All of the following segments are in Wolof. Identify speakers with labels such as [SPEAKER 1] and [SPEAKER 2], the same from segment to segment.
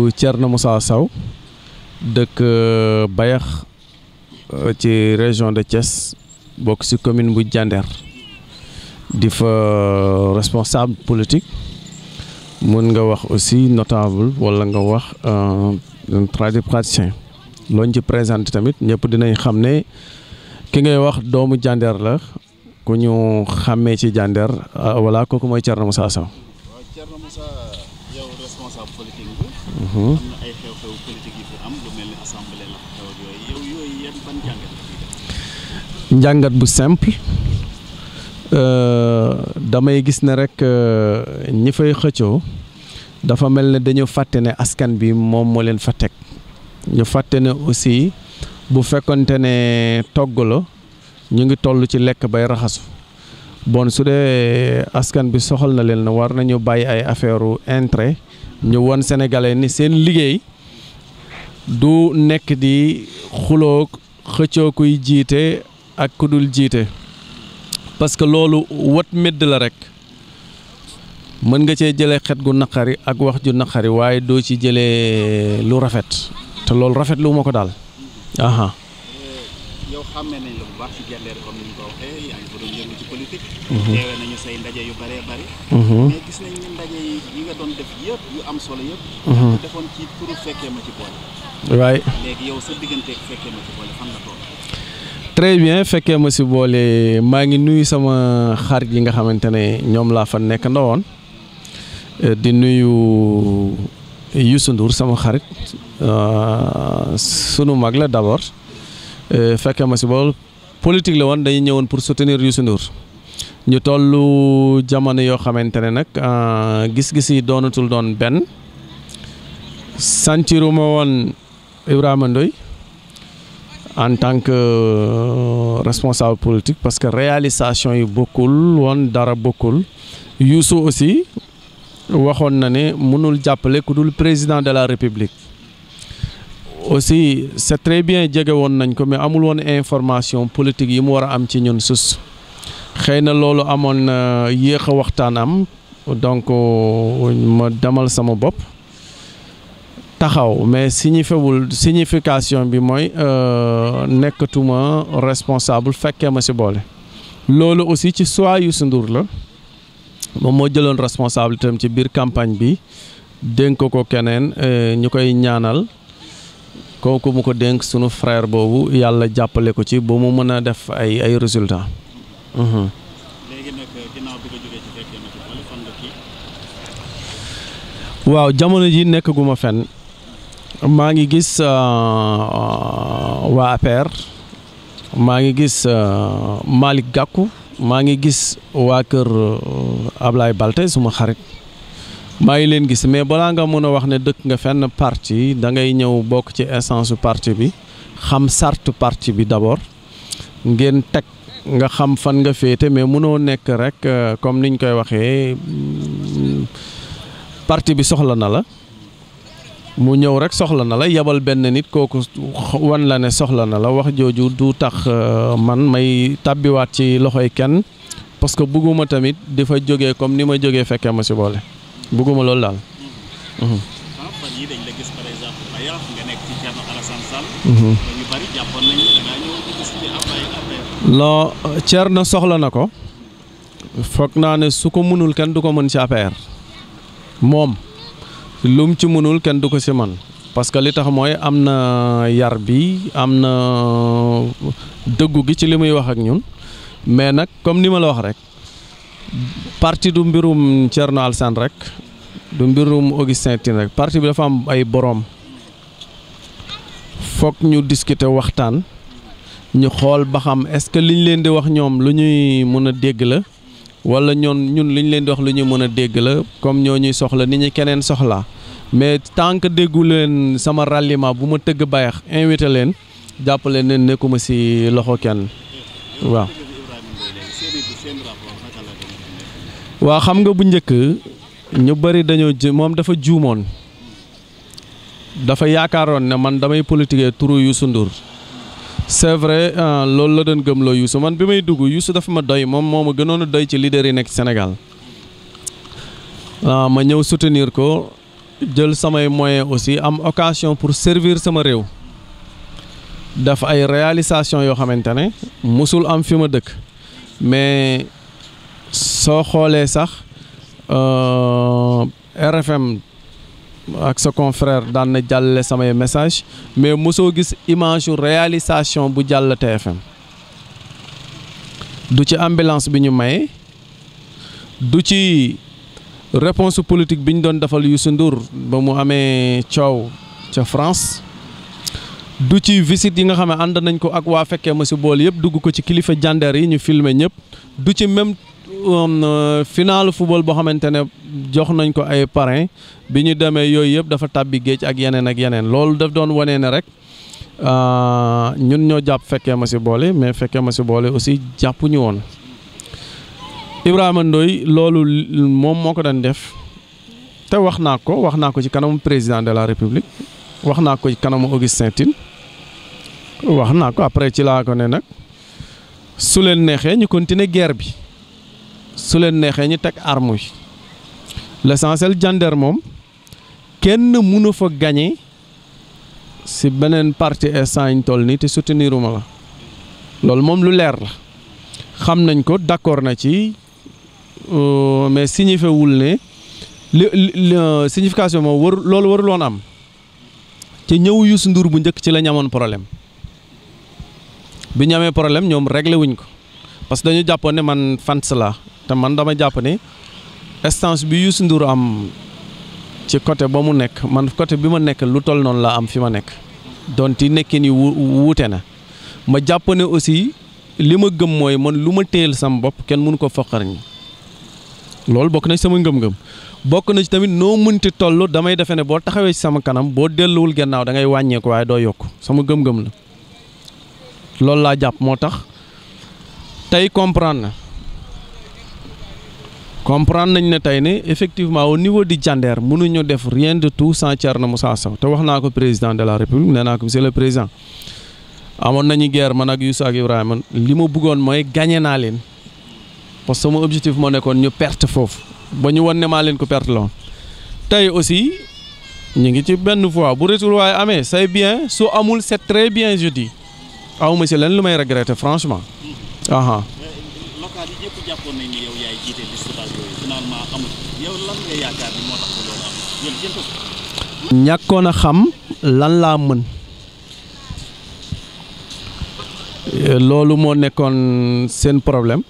[SPEAKER 1] bu Thierno Moussa saw dëkk euh, Bayax euh, ci région de Thiès bokk ci commune bu Diender di fa euh, responsable politique mën nga wax aussi notable walla nga wax un tradipraticien looñ ci présenté tamit ñëpp dinañ xam ne ki ngay wax doomu Diender la ku ñu xàmmee ci Diender wala kooku mooy Thierno Moussa Sow.
[SPEAKER 2] Mhm. am na ay xew
[SPEAKER 1] njàngat bu simple euh, damay gis ne rek euh, ñi fay xëccoo dafa mel ne dañu fàtte ne askan bi moom moo leen fa teg ñu fàtte ne aussi bu fekkonte ne togg la ñu ngi toll ci lekk bay raxasu bon su dee askan bi soxal na leen na war nañu bàyyi ay affaire u intérêt ñu won sénégalais ni seen liggéey du nekk di xuloo xëccoo kuy jiite ak ku dul jiite parce que loolu wat medd la rek mën nga cee jëlee xet gu naqari ak wax ju naqari waaye doo ci jëlee lu rafet te loolu rafet lu ma ko daal
[SPEAKER 2] politique. Mhm. yu bëree bëri. Mhm. mais gis nañ ne ndaje mhm.
[SPEAKER 1] très bien fekkee ma si boolee maa ngi nuyu sama xarit yi nga xamante ne ñoom laa fa nekk ndawoon euh, di nuyu Youssou sama xarit euh, sunu mag la d'abord euh, fekkee ma si bool politique la woon dañuy ñëwoon pour soutenir Youssou Ndour ñu tollu jamono yoo xamante ne nag euh, gis-gis yi doonatul doon benn santiruma woon Ibrahima en tant que euh, responsable politique parce que réalisation yi bokkul woon dara bokkul Youssou aussi waxoon na ne mënul jàppale ku dul président de la république aussi c'est très bien jege woon nañ ko mais amul woon information politique yi mu war a am ci ñun sus xëy na loolu amoon na yéex a waxtaan am donc euh, ma demal sama bopp taxaw mais signifiwul signification bi mooy euh, nekkatuma responsable fekkee ma si boole. loolu aussi ci choix Youssou Ndour la moom moo jëloon responsabilité am ci biir campagne bi dénk ko keneen euh, ñu koy ñaanal. kooku mu ko dénk sunu frère boobu yàlla jàppale ko ci ba mu mën a def ay ay résultats Mm-hmm. léegi nag euh, waaw jamono ji nekkaguma fenn maa ngi gis euh, euh, waa maa ngi gis Malick gàkku maa ngi gis waa kër Ablaye Balte suma xarit maa ngi leen gis mais balaa nga mën a wax ne dëkk nga fenn parti da ngay ñëw bokk ci essence su parti bi xam sartu parti bi d'abord ngeen teg. nga xam fan nga féete mais mënoo nekk rek euh, comme ni ñu koy waxee mm, parti bi soxla na la mu ñëw rek soxla na la yabal benn nit kooku wan la ne soxla na la wax jooju du tax euh, man may tàbbiwaat ci loxoy kenn parce que bëgguma tamit di jóge comme ni ma jógee fekkee ma si boole bugguma loolu daal. Mhm.
[SPEAKER 2] Ah,
[SPEAKER 1] loo na soxla na ko foog naa ne su ko mënul kenn du ko mën ci APR moom lum ci mënul kenn du ko ci man parce que li tax mooy am na yar bi am na dëggu gi ci li muy wax ak ñun mais nag comme ni ma la wax rek parti du mbirum Thierno Alassane rek du mbirum Augustin Tine rek parti bi dafa am ay boroom foog ñu discuter waxtaan ñu xool ba xam est-ce que liñ leen di wax ñoom lu ñuy mën a dégg la wala ñoon ñun liñ leen di wax lu ñuy mën a dégg la comme ñoo ñuy soxla ni ñu keneen soxla mais tant que déggu leen sama ralliement bu ma tëgg bayax invité leen jàppale ne nekkuma ci loxo kenn waaw. waa xam nga bu njëkk ñu bari dañoo moom dafa juumoon dafa yaakaaroon ne man damay politiquer turu Youssou Ndour c'est vrai euh, loolu la doon gëmloo Youssou man bi may dugg Youssou dafa ma doy moom moo ma gënoon a doy ci leader yi nekk Sénégal ah, ma ñëw soutenir ko jël samay moyens aussi am occasion pour servir sama réew daf ay réalisation yoo xamante ne mosul am fi ma dëkk mais soo xoolee sax euh, RFM ak sa confrère daan na jàllale samay message mais mosoo gis image su réalisation bu jàll TFM du ci ambulance bi ñu may du ci réponse politique bi ñu doon defal Youssou Ndour ba mu amee coow ca France du ci visite yi nga xam ne ànd nañ ko ak waa fekkee ma si bool yëpp dugg ko ci kilifa jandeer yi ñu filme ñëpp du ci même Um, uh, finaalu football boo xamante ne jox nañ ko ay parrain bi ñu demee yooyu yëpp dafa tàbbi géej ak yeneen ak yeneen loolu daf doon wane na rek uh, ñun ñoo jàpp fekkee ma si boole mais fekkee ma si boole aussi jàppuñu woon Ibrahima Ndoye loolu moom moo ko doon def te wax naa ko wax naa ko ci kanamu président de la république wax naa ko ci kanamu Augustin Tine wax naa ko après ci laa ko ne nag su leen neexee ñu continuer guerre bi. su leen neexee ñu teg arme yi l'essentiel Diender moom kenn mënu fa gañe si beneen parti instant ñu toll nii te souteniruma la loolu moom lu leer la xam nañ ko d'accord na ci euh, mais signifié ne li euh, signification moom war loolu waruloon am ci ñëw Youssou Ndour bu njëkk ci la ñamoon amoon problème bi ñu amee problème ñoom réglé wuñ ko parce que dañu jàppoon ne man fans la te man dama jàpp ni instance bi Youssou Ndour am ci côté ba mu nekk man côté bi ma nekk lu toll noonu laa am fi ma nekk donte nekkin yi wuute na ma jàpp ne aussi li ma gëm mooy man lu ma téyel sama bopp kenn mënu ko foqar ñi loolu bokk na sama ngëm-ngëm bokk na ci tamit noo mënti toll damay defe ne boo taxawee ci sama kanam boo delluwul gannaaw dangay wàññeeku waaye doo yokk sama gëm-gëm la loolu laa jàpp moo tax tey comprendre na comprendre nañ ne tey ne effectivement au niveau du Diender mënuñu def rien de tout sans Thierno Moussa Sow te wax naa ko président de la république nee naa ko monsieur le président amoon nañu guerre man ak Youssou ak Ibrahima li ma bëggoon mooy gagné naa leen parce que sama objectif moo nekkoon ñu perte foofu ba ñu wan ne maa leen ko perte loon tey aussi ñu ngi ci benn voie bu retour waaye amee c'est bien su amul c'est très bien je dis aw ma si leen lu may regretter franchement. yaakaar ñàkkoon a xam lan laa mën euh, loolu moo nekkoon seen problème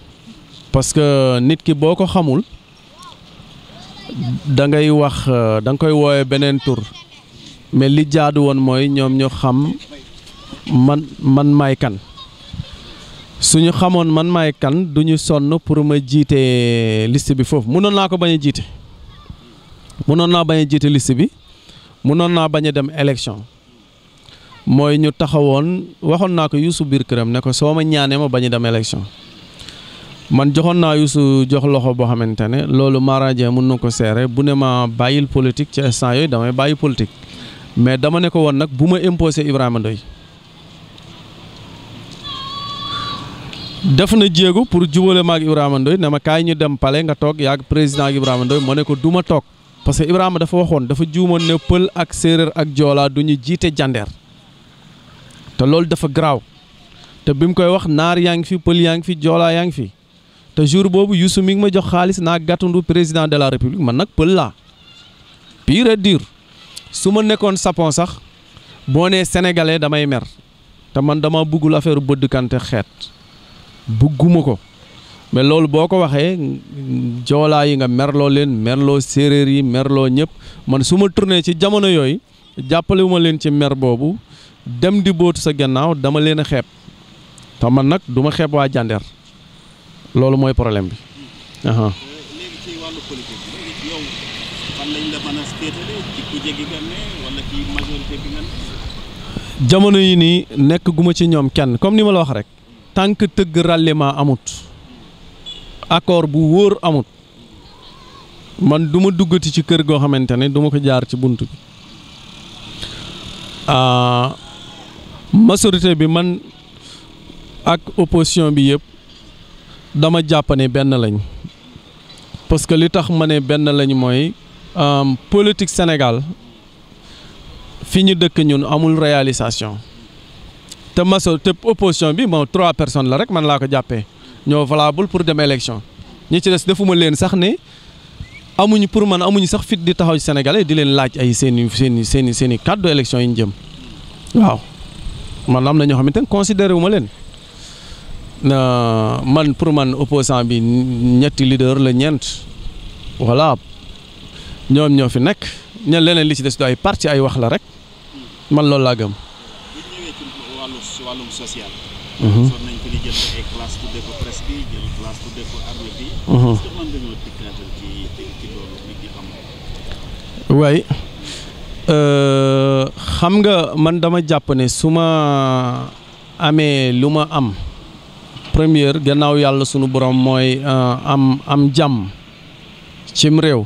[SPEAKER 1] parce que nit ki boo ko xamul dangay wax euh, danga koy wooye beneen tur mais li jaadu woon mooy ñoom ñu xam man man maay kan. suñu xamoon man maay kan du ñu sonn pour ma jiite list bi foofu mënoon naa ko bañ a jiite mënoon naa bañ a jiite liste bi mënoon naa bañ a dem élection mooy ñu taxawoon waxoon naa ko Youssou biir këram ne ko soo ma ñaanee ma bañ a dem élection man joxoon naa Youssou jox loxo boo xamante ne loolu maradien mun na ko seere bu ne ma bàyyil politique ci instant yooyu damay bàyyi politique mais dama ne ko woon nag bu ma imposé Ibrahima Ndoye def na jéego pour jubale ma ak Ibrahima Ndoye ne ma kaay ñu dem pale nga toog yaag président ak Ibrahima Ndoye ma ne ko duma ma toog parce que Ibrahima dafa waxoon dafa juumoon ne pël ak séeréer ak joolaa du ñu jiite jandeer te loolu dafa garaaw te bi mu koy wax naar yaa ngi fi pël yaa ngi fi joolaa yaa ngi fi te jour boobu Youssou mi ngi ma jox xaalis naa gàttandu président de la république man nag pël laa pire et dur su ma nekkoon sapon sax boo nee sénégalais damay mer te man dama bëggul affaire bëddkante xeet bëgguma ko mais loolu boo ko waxee joolaa yi nga merloo leen merloo séeréer yi merloo ñëpp man su ma tourné ci jamono yooyu jàppalewuma leen ci mer boobu dem di bootu sa gannaaw dama leen a xeeb te man nag duma ma xeeb waa jàndeer loolu mooy problème bi. léegi jamono yi nii nekk gu ma ci ñoom kenn comme ni ma la wax rek. tant que tëgg ralliement amut accord bu wóor amut man duma duggati ci kër goo xamante ne du ma ko jaar ci bunt bi ah, majorité bi man ak opposition bi yëpp dama jàpp ne benn lañu parce que li tax ma ne benn lañ mooy um, politique Sénégal fi ñu dëkk ñun amul réalisation te maso te opposition bi moom trois personnes la rek man laa ko jàppee ñoo valable pour dem élection ñi ci des defuma leen sax ne amuñu pour man amuñu sax fit di taxaw ci sénégalais di leen laaj ay seen seen i seen i seen i ñu jëm waaw man am na ñoo xamante ni considéré wu ma leen man pour man opposant bi ñetti leader la ñeent voilà ñoom ñoo fi nekk ña leneen li ci des du ay parti ay wax la rek man loolu laa gëm
[SPEAKER 2] wàllum social. Mhm. sonn nañ mhm.
[SPEAKER 1] euh, xam. nga man dama jàpp ne su ma amee lu ma am première gannaaw yàlla sunu borom mooy euh, am am jàmm cim réew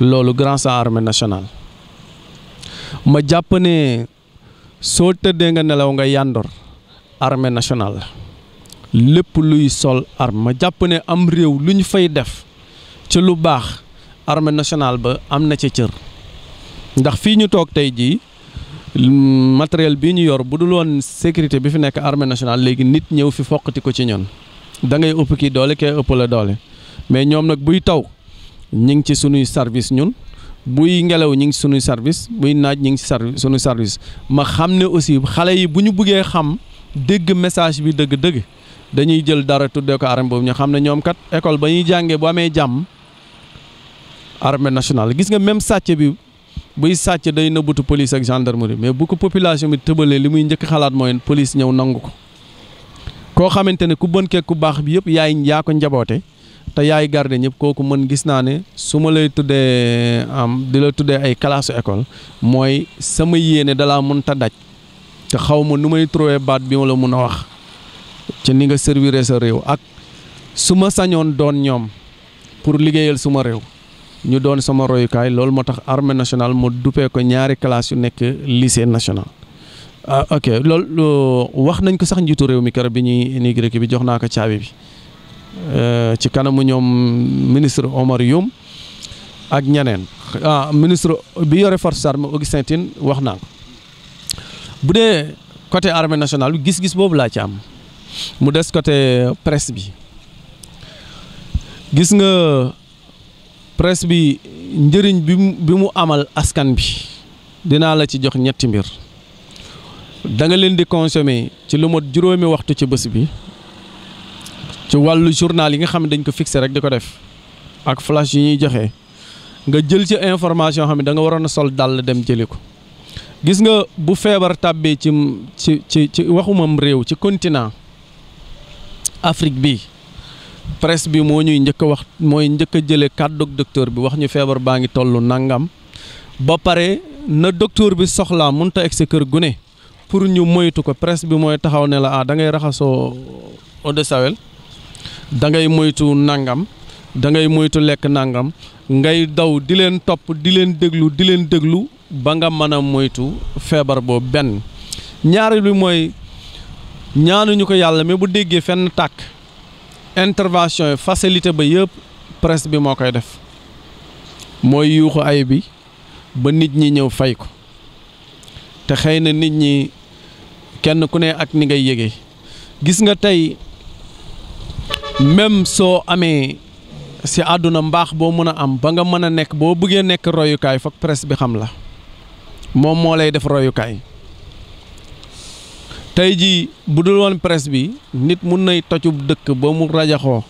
[SPEAKER 1] loolu grâce à armée nationale ma jàpp ne. soo tëddee nga nelaw nga yàndoor armée nationale la lépp luy sol arme jàpp ne am réew lu ñu fay def ci lu baax armée nationale ba am na ca cër ndax fii ñu toog tey jii mm, matériel bii ñu yor bu dul woon sécurité bi fi nekk armée nationale léegi nit ñëw fi foqati ko ci ñun da ngay ëpp kii doole kee ëpp la doole mais ñoom nag buy taw ñu ngi ci sunuy service ñun. buy ngelaw ñu ngi suñuy service buy naaj ñu ngi si service suñu service ma xam ne aussi xale yi bu ñu buggee xam dëgg message bi dëgg-dëgg dañuy jël dara tuddee ko armée boobu ñu xam ne ñoom kat école ba ñuy jàngee bu amee jàmm arme nationale gis nga même sàcc bi buy sàcc day nëbbutu police ak gendarmerie mais bu ko population bi tëbalee li muy njëkk xalaat mooy police ñëw nangu ko koo xamante ne ku bon kee ku baax bi yëpp yaay yaa ko njaboote te yaay garde ñëpp kooku mën gis naa ne su ma lay tuddee am di la tuddee ay classe école mooy sama yéene dalaa mën ta daj te xaw ma nu may trouver baat bi ma la mun a wax ci ni nga servir sa réew ak su ma sañoon doon ñoom pour liggéeyal suma réew ñu doon sama royukaay loolu moo tax armée nationale mu duppee ko ñaari classe yu nekk lycée national ah ok lool wax nañ ko sax njiitu réew mi keroog bi ñuy énigré bi jox naa ko caabi bi Euh, ci kanamu ñoom ministre Omar Youm ak ñeneen ah, ministre bi yore force armée Augustin Tine wax naa ko bu dee côté armée national bi gis-gis boobu laa ci am mu des côté presse bi gis nga presse bi njëriñ bi mu bi mu amal askan bi dinaa la ci jox ñetti mbir danga leen di consommer ci lu mot juróomi waxtu ci bés bi. ci wàllu journal yi nga xam ne dañ ko fixé rek di ko def ak flash yi ñuy joxe nga jël ci information xam ne da nga waroon a sol dàll dem jëli ko gis nga bu feebar tàbbee ci ci ci ci waxumam réew ci continent Afrique bi presse bi moo ñuy njëkk a wax mooy njëkk a jëlee kàddug docteur bi wax ñu feebar baa ngi tollu nangam ba pare na docteur bi soxlaa mënut a egg sa kër gune pour ñu moytu ko presse bi mooy taxaw ne la ah da ngay raxasoo eau de Javel da ngay moytu nangam da ngay moytu lekk nangam ngay daw di leen topp di leen déglu di leen déglu ba nga mën a moytu feebar boobu benn ñaareel bi mooy ñu ko yàlla mais bu déggee fenn tàkk intervention yi facilité ba yëpp presse bi moo koy def mooy yuuxu ay bi ba nit ñi ñëw fay ko te xëy na nit ñi kenn ku ne ak ni ngay yége gis nga tey même soo amee si àdduna mbaax boo mën a am ba nga mën a nekk boo bëggee nekk royukaay foog presse bi xam la moom moo lay def royukaay tey jii bu dul woon presse bi nit mun nay tojub dëkk ba mu rajaxoo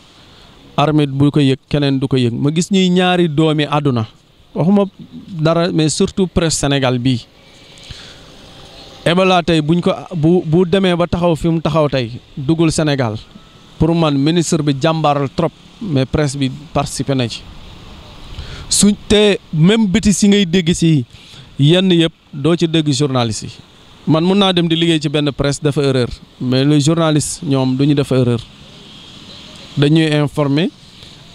[SPEAKER 1] armée bu ko yëg keneen du ko yëg ma gis ñuy ñaari doomi àdduna waxuma dara mais surtout presse senegal bii Ebola buñ ko bu bu demee ba taxaw fi mu taxaw tey duggul senegal pour man ministre bi jàmbaaral trop mais presse bi participer na ci su te même bétis si ngay dégg si yenn yëpp doo ci dégg journaliste yi man mun naa dem di liggéey ci benn presse dafa erreur mais les journalistes ñoom du ñu def erreur dañuy informer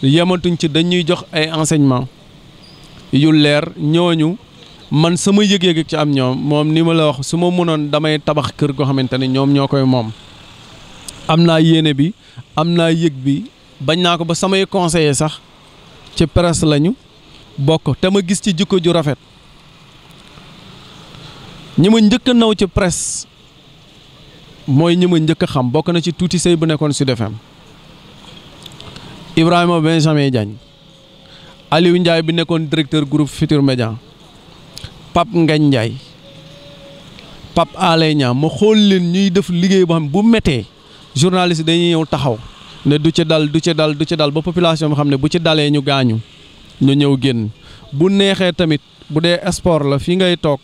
[SPEAKER 1] yematuñ ci dañuy jox ay enseignement yu leer ñooñu man sama yëg-yëg ci am ñoom moom ni ma la wax su ma mënoon damay tabax kër goo xamante ne ñoom ñoo koy moom. am naa yéene bi am naa yëg bi bañ naa ko ba samay conseiller sax ci presse lañu bokk te ma gis ci jikko ju rafet ñi ma njëkk a naw ci presse mooy ñi ma njëkk xam bokk na ci tuuti sëy bu nekkoon Sud FM Ibrahima Benjamin Diagne Aliou njaay bi nekkoon directeur groupe Futur Média Pape Ngagne Ndiaye Pape Alé Niang ma xool leen ñuy def liggéey bu xam bu méttee journaliste dañuy ñëw taxaw ne du ci dal du ci dal du ci dal ba population bi xam ne bu ci dalee ñu gaañu ñu ñëw génn bu neexee tamit bu dee sport la fi ngay toog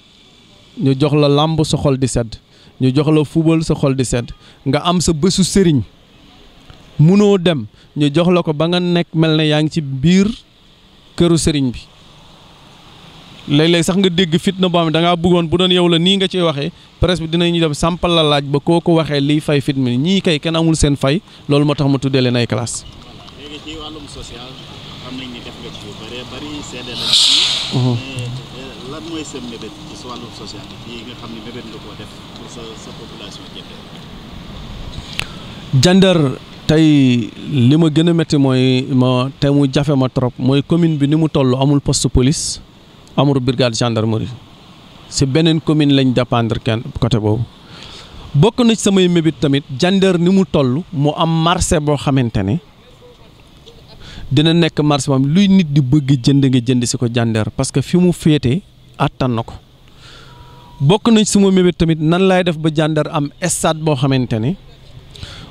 [SPEAKER 1] ñu jox la làmb sa xol di sedd ñu jox la football sa xol di sedd nga am sa bésu sëriñ mënoo dem ñu jox la ko ba nga nekk mel ne yaa ngi ci biir këru sëriñ bi léeg-léeg sax nga dégg fitna boo xam ne da bëggoon bu doon yow la nii nga ciy waxee presse bi dinañu dem sampal la laaj ba koo ko waxee liy fay fitna ñii kay kenn amul seen fay loolu moo tax ma tuddee leen ay classe. léegi ci mhm. eh, tey li ma gën a métti mooy ma te mu jafe ma trop mooy commune bi ni mu toll amul poste police. amul brigade gendarmerie si beneen commune lañ dépendre kenn côté boobu bokk nañ samay mébét tamit jàndar ni mu toll mu am marché boo xamante ne dina nekk marché moom luy nit di bëgg jënd nga jënd si ko jàndar parce que fi mu féete àttan na ko bokk na suma mébét tamit nan laay def ba jàndar am stade boo xamante ne.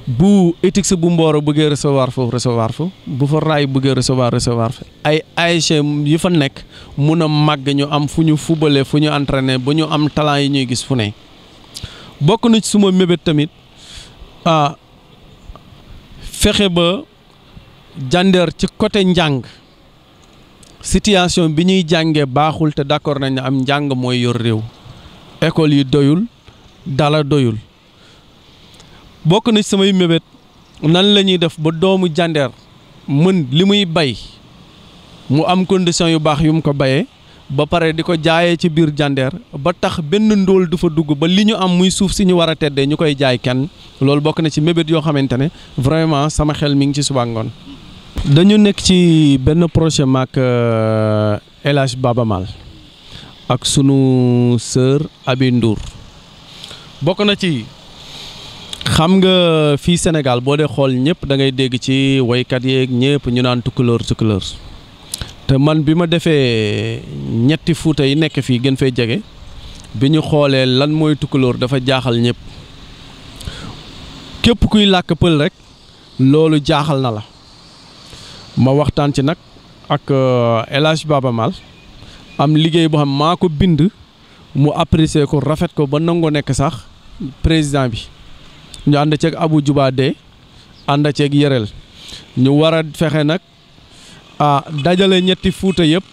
[SPEAKER 1] bu ETICS bu Mboro bëggee recevoir foofu recevoir fa bu fa raay bëggee recevoir recevoir fa ay ASC yi fa nekk mun a màgg ñu am fu ñu fubale fu ñu entraîner ba ñu am talent yi ñuy gis fu ne bokk na ci suma mébét tamit ah fexe ba Diender ci côté njàng situation bi ñuy jàngee baaxul te d'accord nañ ne am njàng mooy yor réew école yi doyul dala doyul. bokk na ci samay mébét nan la ñuy def ba doomu jàndeer mën li muy bay mu am condition yu baax yu mu ko bayee ba pare di ko jaayee ci biir jàndeer ba tax benn ndóol du fa dugg ba li ñu am muy suuf si ñu war a teddee ñu koy jaay kenn loolu bokk na ci mébét yoo xamante ne vraiment sama xel mi ngi ci suba ngoon dañu nekk ci benn projet maak euh, El Hadj Baba ak sunu sœur Abi Ndour na ci am nga fii Sénégal boo dee xool ñëpp da ngay dégg ci woykat yeeg ñëpp ñu naan tukkulóor tukkulóor te man bi ma defee ñetti fuuta yi nekk fii gën fay jege bi ñu xoolee lan mooy tukkulóor dafa jaaxal ñëpp képp kuy làkk pël rek loolu jaaxal na la ma waxtaan ci nag ak euh, El Hadj Baba am liggéey boo xam maa ko bind mu apprécier ko rafet ko ba nangoo nekk sax président bi ñu ànd ceeg Abu Jubaade ànd ceeg Yëreel ñu war a fexe nag ah dajale ñetti fuuta yëpp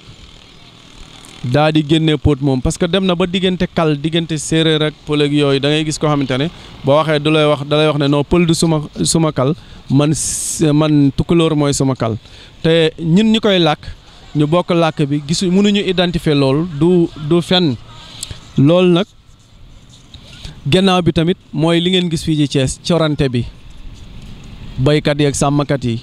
[SPEAKER 1] daa di génne pot moom parce que dem na ba diggante kal diggante séeréer ak pël ak yooyu da ngay gis koo xamante ne boo waxee du lay wax dalay wax ne noo pël du suma suma kal man man tukkulóor mooy suma kal te ñun ñi koy làkk ñu bokk làkk bi gisu mënuñu identifier loolu du du fenn loolu nag gannaaw bi tamit mooy li ngeen gis fii ci Thiès corante bi baykat yi ak sàmmkat yi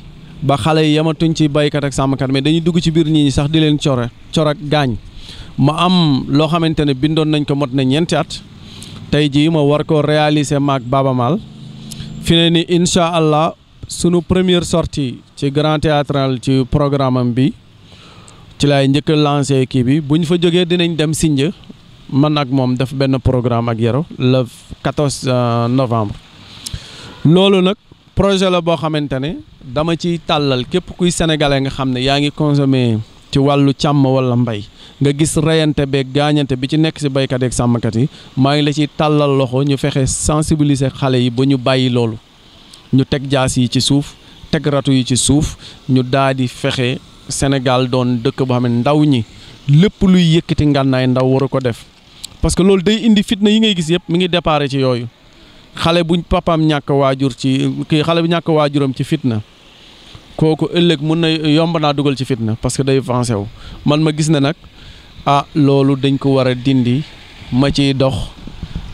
[SPEAKER 1] ba xale yi yamatuñ ci baykat ak sàmmkat mais dañuy dugg ci biir ñii sax di leen coro cor ak gaañ ma am loo xamante ne bindoon nañ ko mot na ñeenti at tey jii ma war ko réaliser maag Baba Maal fi ne ni incha allah sunu première sorti ci grand théâtral ci programme am bi ci lay njëkk a lancé kii bi bu ñu fa jógee dinañ dem Sinja man ak moom def benn programme ak Yero le 14 euh, novembre loolu nag projet la boo xamante ne dama ciy tàllal képp kuy sénégalais nga xam ne yaa ngi consommé ci wàllu càmm walla mbay nga gis reyante beeg gaañante bi ci nekk si baykat yeeg sàmmkat yi maa ngi la ciy tàllal loxo ñu fexe sensibiliser xale yi ba ñu bàyyi loolu ñu teg jaas yi ci suuf teg ratu yi ci suuf ñu daa di fexe Sénégal doon dëkk boo xam ne ndaw ñi lépp luy yëkkati ngànnaay ndaw waru ko def parce que loolu day indi fitna yi ngay gis yëpp mu ngi déparé ci yooyu xale bu papaam ñàkk waajur ci kii xale bu ñàkk waajuram ci fitna kooku ëllëg mun na yomb naa dugal ci fitna parce que day avancé wu man ma gis na nag ah loolu dañ ko war a dindi ma ciy dox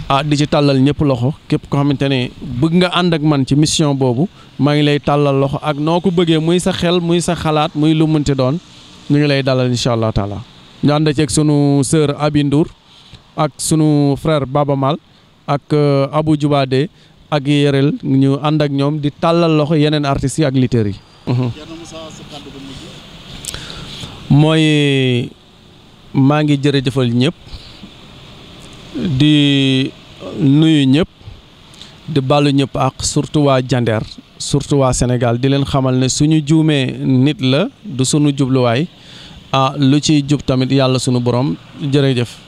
[SPEAKER 1] ah di ci tàllal ñëpp loxo képp ko xamante ne bëgg nga ànd ak man ci mission boobu maa ngi lay tàllal loxo ak noo ko bëggee muy sa xel muy sa xalaat muy lu munti doon ñu ngi lay dalal incha allah taala ñu ànd ceeg sunu sœur ak sunu frère Baba Mal ak euh, abu Djubade ak Yerel ñu ànd ak ñoom di tàllal loxo yeneen artistes yi ak lutteurs yi. Mhm. mooy maa ngi jërëjëfal ñëpp di nuyu ñëpp di baalu ñëpp ak surtout waa Jandeer surtout waa Sénégal di leen xamal ne suñu juumee nit la du sunu jubluwaay ah lu ciy jub tamit yàlla sunu borom jëf